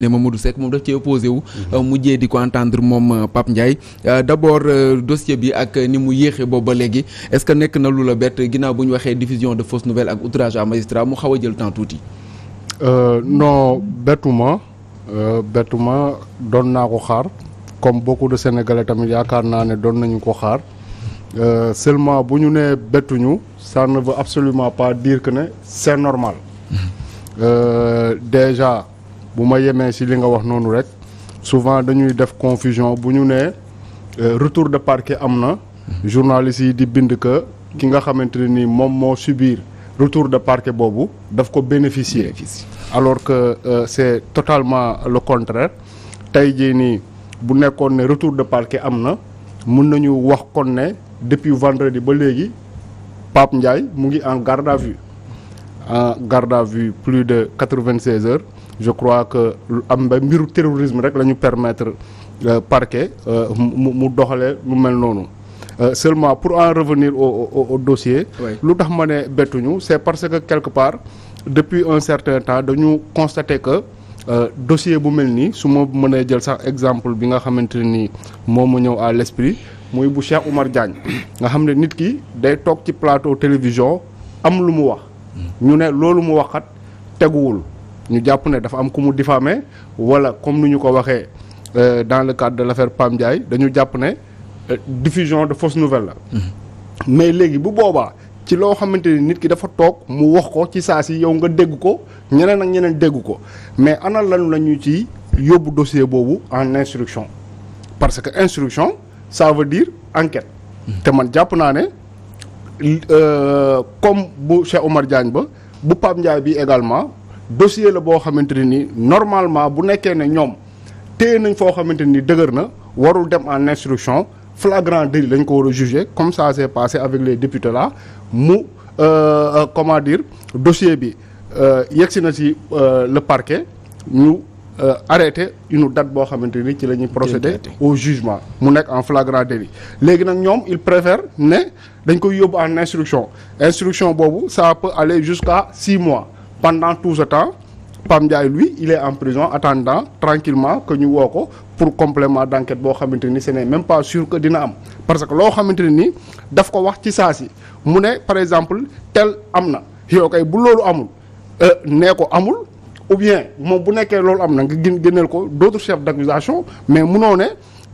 ne Mamadou Seck moom daf ci opposé wu mhm. euh, mujjee di ko entendre moom euh, Pape Ndiaye euh, d'abord dossier bi ak ni mu yéexee boobu ba léegi est-ce que nekk na lu la bett ginnaaw bu ñu waxee diffusion de fausses nouvelles ak outrage à magistrat mu xaw a jël temps tuuti non bettuma bettuma doon naa ko xaar comme beaucoup de Sénégalais tamit yaakaar naa ne doon nañu ko xaar seulement bu ñu nee bettuñu ça ne veut absolument pas dire que ne c'est normal mhm. déjà bu ma yemee si li nga wax noonu rek souvent dañuy def confusion bu ñu nee euh, retour de parquet am na journalistes yi di bind que ki nga xamante ni moom moo subir retour de parquet boobu daf ko bénéficier alors que euh, c'est totalement le contraire tey jii nii bu nekkoon ne retour de parquet am na mun nañu wax kon ne depuis vendredi ba léegi Pape Ndiaye mu ngi en garde à vue garde à vue plus de quatre-vingt-seize heures je crois que am ba mbiru terrorisme rek la ñu permettre euh, parquet euh, mu mu doxalee lu mel noonu euh, seulement pour en revenir au au, au dossier. lu tax ma ne bettuñu c'est parce que quelque part depuis un certain temps dañu constater que. Euh, dossier bu mel nii su ma mënee jël sax exemple bi nga xamante ne nii moom mu ñëw à l'esprit muy bu Cheikh Oumar Diagne nga xam ne nit ki day toog ci plateau télévision am lu mu wax mm. ñu ne loolu mu waxat teguwul ñu jàpp ne dafa am ku mu diffamé wala comme nu ñu ko waxee euh, dans le cadre de l'affaire Pam Ndiaye dañu jàpp ne euh, diffusion de fausse nouvelle la. Mm-hmm. mais léegi bu boobaa ci loo xamante ni nit ki dafa toog mu wax ko ci saa si yow nga dégg ko ñeneen ak ñeneen dégg ko mais ana lañu la ci yóbbu dossier boobu en instruction parce que instruction ça veut dire enquête. Mm-hmm. te man jàpp naa ne euh, comme bu Cheikh Omar Diagne ba bu Pape Ndiaye bi également dossier la boo xamante ne ni normalement bu nekkee ne ñoom téye nañ foo xamante ni dëgër na warul dem en instruction flagrant délit lañ ko war a juger comme ça s'est passé avec les députés la mu euh, euh, comment dire dossier bi euh, yegsi na ci euh, le parquet ñu euh, arrêté une date boo xamante ni ci la ñuy procéder au jugement mu nekk en flagrant délit léegi nag ñoom il préfère ne dañ koy yóbbu en instruction instruction boobu ça peut aller jusqu'à six mois pendant tout ce temps Pam Ndiaye lui il est en prison attendant tranquillement que ñu woo ko pour complément d'enquête boo xamante ni ce n'est même pas sûr que dina am parce que loo xamante ne ni daf ko wax ci saa si mu ne par exemple tel am na yow bu loolu amul euh, nee ko amul ou bien moom bu nekkee loolu am na nga gën gënal ko d'autres chefs d'accusation mais munoo ne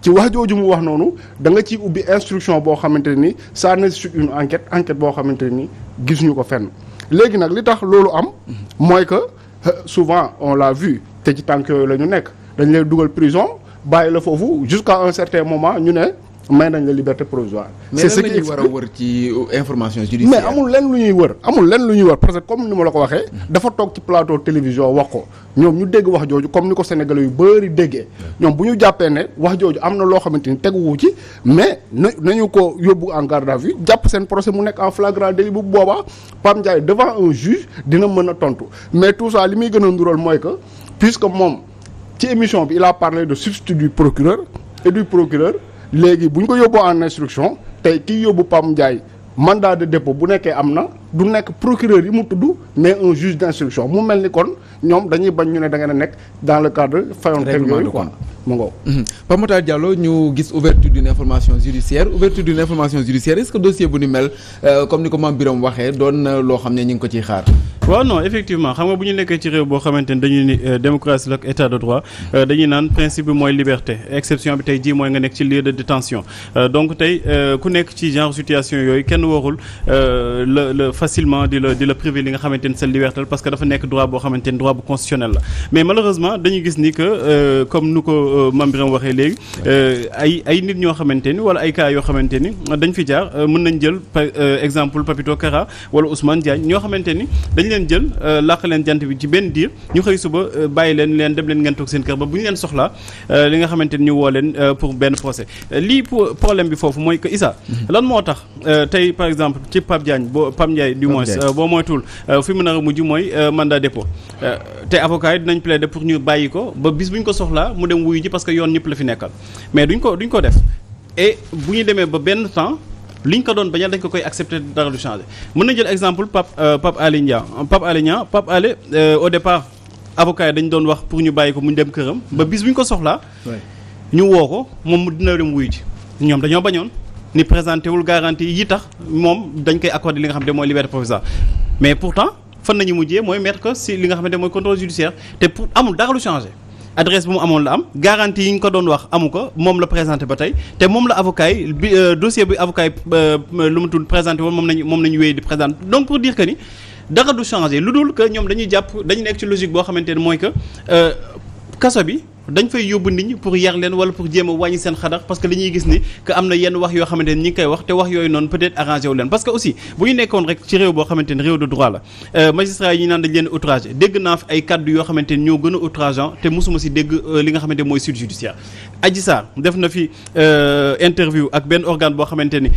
ci wax jooju mu wax noonu da nga ciy ubbi instruction boo xamante ni ça nécessite une enquête enquête boo xamante ni gisuñu ko fenn léegi nag li tax loolu am mooy que euh, souvent on l'a vu te ci tànk yooyu la ñu nekk dañ lay dugal prison bàyyi la foofu jusqu'à un certain moment ñu ne may nañ la liberté provisoire. c'est ce qui war a wër mais amul lenn lu ñuy wër amul lenn lu ñuy wër parce que comme ni ma la ko waxee. dafa toog ci plateau télévision wax ko ñoom ñu dégg wax jooju comme ni ko sénégalais yu bëri déggee. ñoom bu ñu jàppee ne wax jooju am na loo xamante ni teguwu ci mais na nañu ko yóbbu en garde à jàpp seen procès mu nekk en flagrant délit bu boobaa Pape Ndiaye devant un juge dina mën a tontu mais tout ça li muy gën a ndural mooy que puisque moom émission bi il a parlé de substitut du procureur et du léegi bu ñu ko yóbboo en instruction tey kii yóbbu Pam Ndiaye mandat de dépôt bu nekkee am na du nekk procureur yi mu tudd mais un juge d'instruction mu mel ni kon ñoom dañuy bañ ñu ne da ngeen a nekk dans le cadre fayoon teg yooyu quoi mu ngow mhm. ñu gis ouverture d'une information judiciaire ouverture d'une information judiciaire est-ce que dossier bu ni mel euh, comme ni ko Mame Birame waxee doon loo xam ne ñu ngi ko ciy xaar waa non effectivement xam nga bu ñu nekkee ci réew boo xamante ni dañuy euh, ni démocratie la ak état de droit euh, dañuy naan principe bi mooy liberté exception bi tey jii mooy nga nekk ci lieu de détention euh, donc tey ku nekk ci genre situation yooyu kenn warul la la facilement di la di la privé li nga xamante ni sa liberté parce que dafa nekk droit boo xamante ni droit bu constitutionnel la mais malheureusement dañuy gis ni que comme nu ko Mame Birame waxee léegi ay ay nit ñoo xamante ni wala ay cas yoo xamante ni dañ fi jaar mën nañ jël par exemple Papito Kara wala Ousmane Diagne ñoo xamante ni leen jël euh, làq leen jant bi ci benn diir ñu xëy suba euh, bàyyi leen leen dem seen kër ba bu ñu leen soxlaa euh, li nga xamante ni ñu woo leen pour benn procès lii pour bi foofu mooy que Issa mhm. lan moo tax tey par exemple ci Pape Diagne boo Pape Ndiaye du moins boo moytuwul fi mu nar a mujj mooy mandat dépôt te avocat yi dinañ plaider pour ñu bàyyi ko ba bis bu ñu ko soxlaa mu dem wuyu ji parce que yoon ñëpp la fi nekkal mais duñ ko duñ ko def et bu ñu demee ba benn temps li ñu ko doon bañal dañ ko koy accepter dara du changer mën na jël exemple Pape euh, Pape Alé Niang Pape Alé Niang Pape Alé euh, au départ avocat yi dañ doon wax pour ñu bàyyi ko mu ñu dem këram ba bis bu ñu ko soxlaa ñu woo ko moom dina dem wuy ji ñoom dañoo bañoon ni présenté wul garantie yi tax moom dañ koy accordé li nga xam ne mooy liberté provisoire mais pourtant fan nañu mujjee mooy mettre ko si li nga xam ne mooy contrôle judiciaire te pour amul dara lu changé adresse bu mu amoon la am garantie yi ñu ko doon wax amu ko moom la présenté ba tey te moom la avocat yi bi euh, dossier bi avocat yi euh, lu mu tudd présenté woon moom nañu moom nañu wéy di présenté donc pour dire que ni dara du changé lu dul que ñoom dañuy jàpp dañu nekk ci logique boo xamante ne mooy que euh, kaso bi dañ fay yóbbu nit ñi pour yar leen wala pour jéem a wàññi seen xadar parce que ñuy gis ni que am na yenn wax yoo xamante ne ñi ngi koy wax te wax yooyu noonu peut-être arrangé wu leen parce que aussi bu ñu nekkoon rek ci réew boo xamante ne réew du droit la euh, magistrat yi ñu naan dañ leen outragé dégg naa fi ay kaddu yoo xamante ñoo gën a outrageant te mosuma si dégg euh, li nga xamante mooy suite judiciaire Adji Sarr def na fi euh, interview ak benn organe boo xamante ni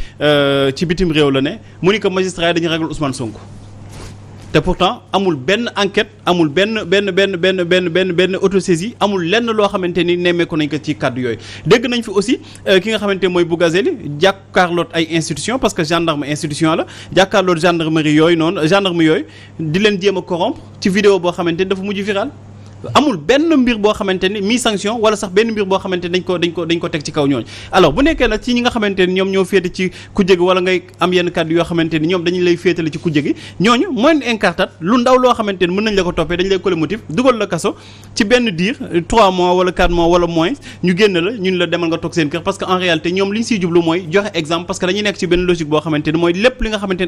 ci bitim réew la ne mu ni que magistrat yi dañu ragal Ousmane Sonko te pourtant amul benn enquête amul benn benn benn benn benn benn benn autosaisie amul lenn loo xamante ni nemmeeku nañ ko ci kàddu yooyu dégg nañ fi aussi euh, ki nga xamante mooy Bougazeli jàkkaarloot ay institution parce que gendarme institution la jàkkaarloot gendarmerie yooyu noonu gendarme yooyu di leen jéem a corrompre ci vidéo boo xamante ni dafa mujj viral amul benn mbir boo xamante dañ ko teg ci kaw ñooñu alors bu nekkee nag ci ñi nga xamante ñoom ñoo féete ci kujje gi wala ngay am yenn kàddu yoo xamante ni ñoom dañu lay féetale ci kujje gi ñooñu moyenne la ko toppee dañ lay la kaso ci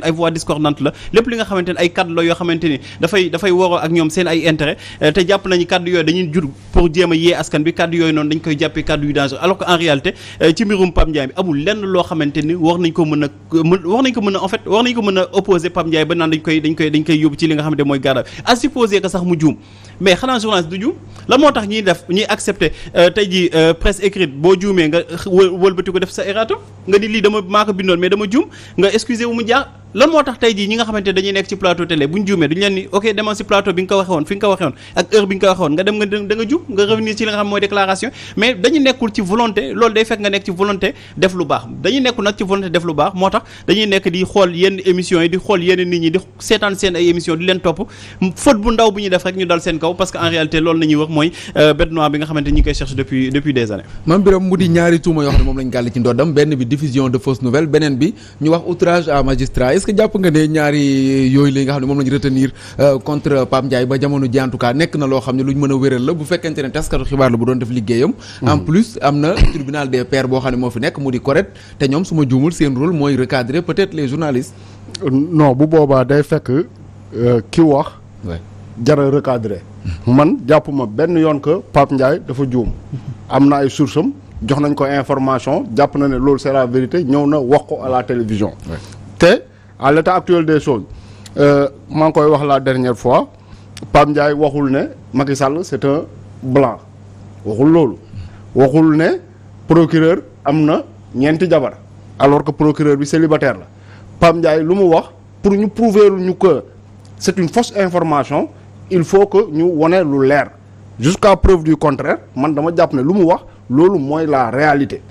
ay voix la lépp li ay kàddu la yoo xamante dafay waroo ak ñoom seen ay intérêt te jàpp nañ nañu kàdd yooyu dañuy jur pour jéem a askan bi kàddu yooyu noonu dañ koy jàppee kàddu yu dangereux alors que en réalité euh, ci mbirum Pape bi amul lenn loo xamante ni war nañ ko mën a war nañ ko mën a en fait war nañ ko mën a opposer Pape Ndiaye ba naan dañ koy dañ koy dañ koy yóbbu ci li nga xamante mooy garab à supposer que sax mu juum mais xanaa journaliste du juum la moo tax ñuy def ñuy accepté euh, tey ji euh, presse écrite boo juumee nga wëlbati ko def sa erratum nga ni lii dama maa ko bindoon mais dama juum nga excusé wu mu lan moo tax tey jii ñi nga xamante dañuy nekk ci plateau télé bu ñu juumee duñu leen ni ok demal si plateau bi nga ko waxee woon fi nga ko waxee woon ak heure bi nga volonté loolu day fekk nga nekk ci volonté def lu baax dañuy nekkul nag ci volonté def lu baax moo tax dañuy nekk di xool yenn émissions yi di xool yenn nit ñi di seetaan seen ay émission di leen topp faute bu ndaw bu seen kaw parce que en réalité loolu la wax mooy euh, bête noire bi nga xamante ñi ngi koy cherche depuis depuis des années mam biram mu di ñaari tuuma yoo xam ne moom lañ gàll ci ndoddam benn bi diffusion de fausses nouvelles beneen bi ñu wax outrage à magistrat est que jàpp nga ne ñaari yooyu li nga xam ne moom lañ retenir euh, contre Pape Ndiaye ba jamono ji en tout nekk na loo xam ne luñ mën a wéral la bu fekkente ne taskatu xibaar la bu doon def liggéeyam hmm. en plus am xam ne moo fi nekk mu di correct te ñoom su ma juumul seen rôle mooy recadrer peut-être les journalistes euh, non bu boobaa day fekk ki wax jara recadré man jàpp ma benn yoon que Pape Ndiaye dafa juum am na ay source am jox nañ ko information jàpp na ne loolu c'est la vérité ñëw na wax ko la télévision te à l'état actuel des choses euh, maa ngi koy wax la dernière fois Pape Ndiaye waxul ne Macky Sall c'est un blanc waxul loolu waxul ne procureur am na ñeenti jabar alors que procureur bi célibataire la Pape Ndiaye lu mu wax pour ñu prouver ñu ko c'est une fausse information il faut que ñu wone lu leer jusqu'à preuve du contraire man dama jàpp ne lu mu wax loolu mooy la réalité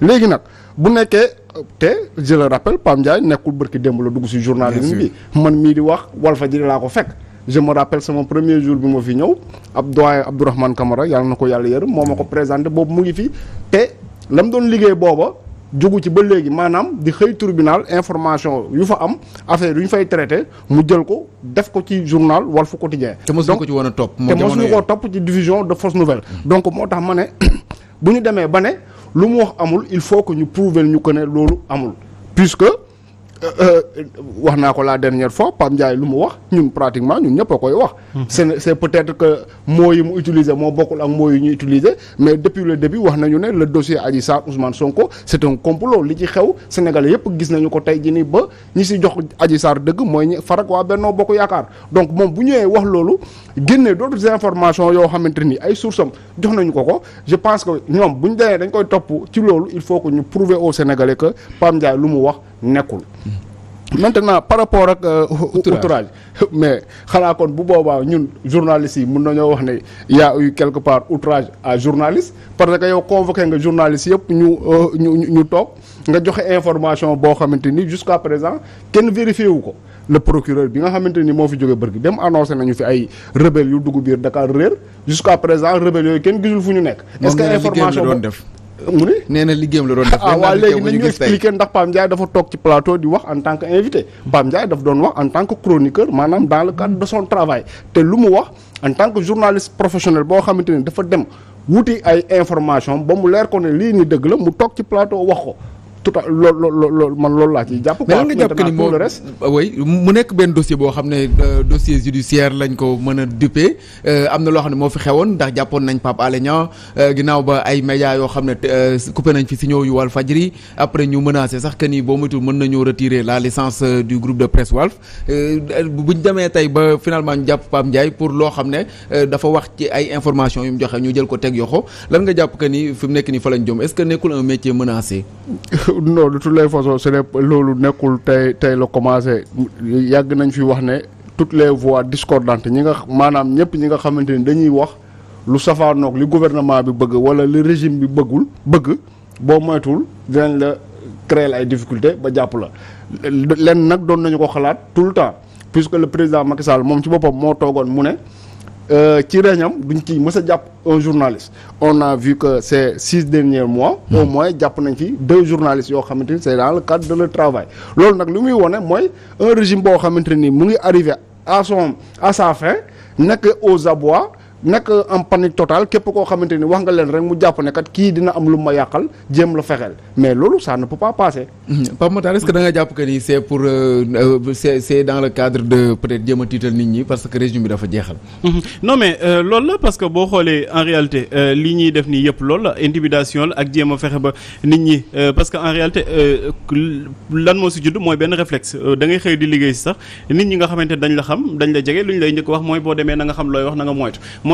léegi nag bu nekkee te je le rappelle Pam nekkul bërki démb la dugg ci journalisme bi man mii di wax wal fa Walfadjri laa ko fekk je me rappelle sama premier jour bi ma fi ñëw ab doyen Abdourahmane Camara yàlla na ko yàlla yërëm moom ma ko présenté boobu mu ngi fii te lam doon liggéey booba jugu ci ba léegi maanaam di xëy tribunal information yu fa am affaire yu ñu fay traité mu jël ko def ko ci journal Walf Quotidien te mosuñu ko ci woon a topp te mosuñu koo topp ci diffusion de fausses nouvelles donc moo tax ma ne bu ñu demee ba ne lu mu wax amul il faut que ñu prouver ñu ko ne loolu amul puisque wax naa ko la dernière fois Pape Ndiaye lu mu wax ñun pratiquement ñun ñëpp koy wax. Mhm. c'est c'est peut-être que mots yi mu utiliser moo bokkul ak mots yi ñu utiliser mais depuis le début wax nañu ne le dossier Adji Sarr Ousmane Sonko c'est un complot li ci xew Sénégalais yëpp gis nañu ko tey jii nii ba ñi si jox Adji Sarr dëgg mooy ñi farak waa Benno Bokk Yaakaar donc moom bu ñëwee wax loolu génne d'autres informations yoo xamante ni ay sources jox nañu ko ko je pense que ñoom bu ñu demee dañ koy topp ci loolu il faut que ñu prouver aux Sénégalais que Pape Ndiaye nekkul maintenant par rapport ak euh, outrage mais xanaa kon bu boobaa ñun journalistes yi mun na ñoo wax ne y a eu quelque part outrage à journaliste parce que yow convoqué nga journaliste yëpp euh, ñu ñu ñu toog nga joxe information boo xamante ni jusqu'à présent kenn vérifié wu ko le procureur bi nga xamante ni moo fi jóge bërgi dem annoncé nañu fi ay rebelle yu dugg biir Dakar réer jusqu'à présent rebelle yooyu kenn gisul fu ñu nekk est-ce que information doon def mu ne nee na liggéeyam la doon def ah waaw léegi nañu expliqué ndax Pape Ndiaye dafa toog ci plateau di wax en tant que invité Pape Ndiaye daf doon wax en tant que chroniqueur maanaam dans le cadre de son te lu mu wax en tant que journaliste professionnel boo xamante ne dafa dem wuti ay information ba mu leer ko ne lii ni dëgg la mu toog ci plateau wax ko tout à lool lool man loolu laa jàpp. mais lan nga jàpp ni moom le reste. Euh, mu nekk benn dossier boo xam ne euh, dossier judiciaire lañ ko mën a duppee euh, am na loo xam ne moo fi xewoon ndax jàppoon nañ Pape Alé Niang ginnaaw ba ay médias yoo xam ne coupe nañ fi si ñëw yu Walf Fadjri après ñu menacé sax que ni boo moytuwul mën nañoo retirer la licence du groupe de presse Walf buñ demee tey ba finalement ñu jàpp Pape Ndiaye pour loo xam ne dafa wax ci ay informations yu mu joxe ñu jël ko teg yoxo lan nga jàpp que ni fi mu nekk lañ jëm est que nekkul un métier menacé. non de toutes les façons loolu nekkul tey tey la commencé yàgg nañ fi wax ne tout les voix discordantes ñi nga maanaam ñëpp ñi nga xamante ni dañuy wax lu safaanoog li gouvernement bi bëgg wala li régime bi bëggul bëgg boo moytuwul dinañ la créer ay difficultés ba jàpp la lenn nag doon nañu ko xalaat tout le temps puisque le président Macky Sall moom ci boppam moo toogoon mu ne Euh, ci réñam duñ ci mës a jàpp un journaliste on a vu que ces six derniers mois au hmm. moins jàpp nañ ci deux journalistes yoo xamante ni c'est dans le cadre de le travail loolu nag lu muy wone mooy un régime boo xamante nii mu ngi arrivé à son à sa fin nekk aux abois nekk en panique totale képp koo xamante ni wax nga leen rek mu jàpp ne kat kii dina am lu ma yàqal jéem la fexeel mais loolu ça ne peut pas passer. Mmh. Pape Matar est-ce que da nga jàpp que ni euh, euh, ñi parce que régime bi dafa jeexal. Mmh. non mais euh, loolu la parce que boo xoolee en réalité li ñuy def nii yëpp loolu la intimidation la ak jéem a fexe ba nit ñi parce que en réalité lan moo si judd mooy benn réflexe da ngay xëy di liggéey si sax nit ñi nga xamante dañ la xam dañ la jege boo demee na nga xam looy na nga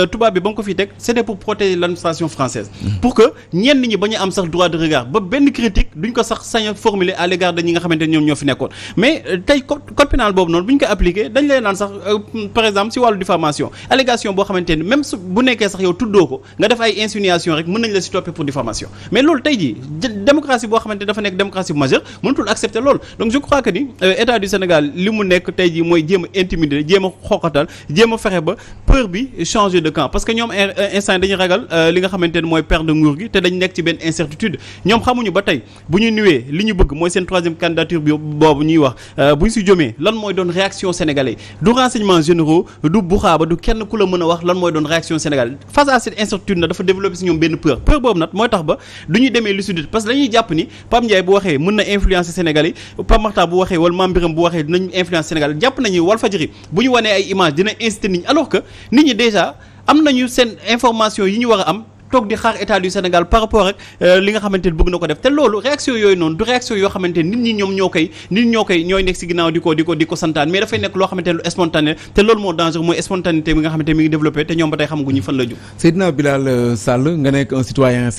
Euh, tubaab bi ba nga ko fi teg c'était pour protéger l'administration française pour que ñenn ñi ba ñu am sax droit de regard ba benn critique duñ ko sax sañ formuler à l'égard de nga xamante ñoom ñoo fi nekkoon mais euh, tey code pénal boobu noonu bu ñu ko appliqué dañ lay naan sax euh, par exemple si wàllu diffamation allégation boo xamante ni même su bu nekkee sax yow tuddoo ko nga def ay insinuation rek mën nañ la si toppee pour diffamation mais démocratie boo xamante dafa nekk démocratie majeure mënatul accepter loolu donc je crois que ni euh, état du Sénégal li mu nekk tey mooy jéem a intimider jéem a xooqatal jéem fexe ba peur bi changer de camp parce que ñoom euh, instant dañuy ragal euh, li nga xamante ne mooy perte nguur gi te dañ nekk ci benn incertitude ñoom xamuñu ba tey bu ñu nuwee li ñu bëgg mooy seen troisième candidature bi boobu ñuy wax bu ñu si jomee lan mooy doon réaction sénégalais du renseignement généraux du a wax lan mooy doon réaction sénégalais face à cette incertitude na dañuy jàpp ni Pape Ndiaye bu waxee mën na influencer Sénégal yi Pape Makhtar bu waxee wala Mame Birame bu waxee dinañ influencer Sénégal jàpp nañu Walfadjri bu ñu wanee ay image dina inciter nit ñi alors que nit ñi déjà am nañu seen information yi ñu war a am toog di xaar état du Sénégal par rapport ak euh, li nga xamante ni bëgg na ko def te loolu réaction yooyu noonu du réaction yoo xamante ni nit ñi ñoom ñoo koy nit ñi nekk si ginnaaw di ko di ko santaan mais dafay nekk loo xamante lu spontané te loolu moo danger mooy spontanéité bi nga xamante mi ngi développé te ñoom ba tey xamaguñu euh,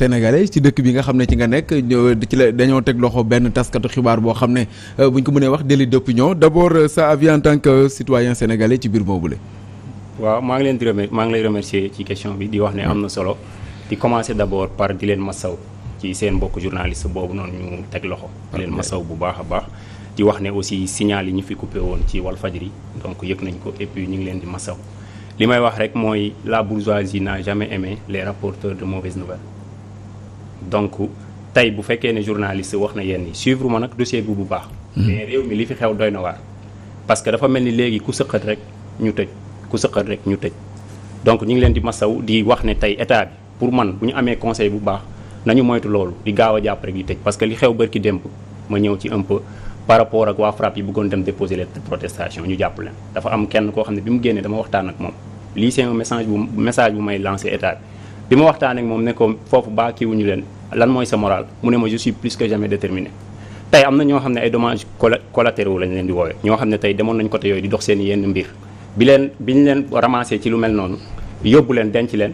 nga nekk ci dëkk bi nga xam ne ci nga nekk ci la dañoo teg loxo benn taskatu xibaar boo xam ne euh, buñ ko mënee wax délit d'opinion d'abord sa avis tan tant que citoyen sénégalais ci biir boobule waaw maa ngi leen maa ngi lay remercier ci question bi di wax ne am na solo di commencer d'abord par di leen masaw ci seen mbokk journaliste boobu noonu ñu teg loxo di leen masaw bu baax a baax di wax ne aussi signal yi ñu fi coupé woon ci Walfadjri donc yëg nañ ko et puis ñu ngi leen di masaw li may wax rek mooy la bourgeoisie n'a jamais aimé les rapporteurs de mauvaises nouvelles donc tey bu fekkee ne journaliste wax na yenn yi suivre ma nag dossier bi bu baax hmm. mais réew mi li fi xew doy na waar parce que dafa mel ni léegi ku sëqat rek ñu tëj ku sëqat rek ñu tëj donc ñu ngi leen di masaw di wax ne tey état bi pour man bu ñu amee conseil bu baax nañu moytu loolu di gaaw a jàpp rek di tëj parce que li xew bërki démb ma ñëw ci un peu par rapport ak waa FRAPP yi bëggoon dem déposer lettre de protestation ñu jàpp leen dafa am kenn koo xam ne bi mu génnee dama waxtaan ak moom lii c'est message bu may lancé état bi ma waxtaan ak moom ne ko foofu baa kiiwuñu leen lan mooy sa moral mu ne ma je plus que jamais déterminé tey am na ñoo xam ne ay dommages collatéraux lañ leen di woowee ñoo xam ne tey demoon nañ côté yooyu di dox seen yenn mbir bi leen bi ñu leen ramassé leen denc leen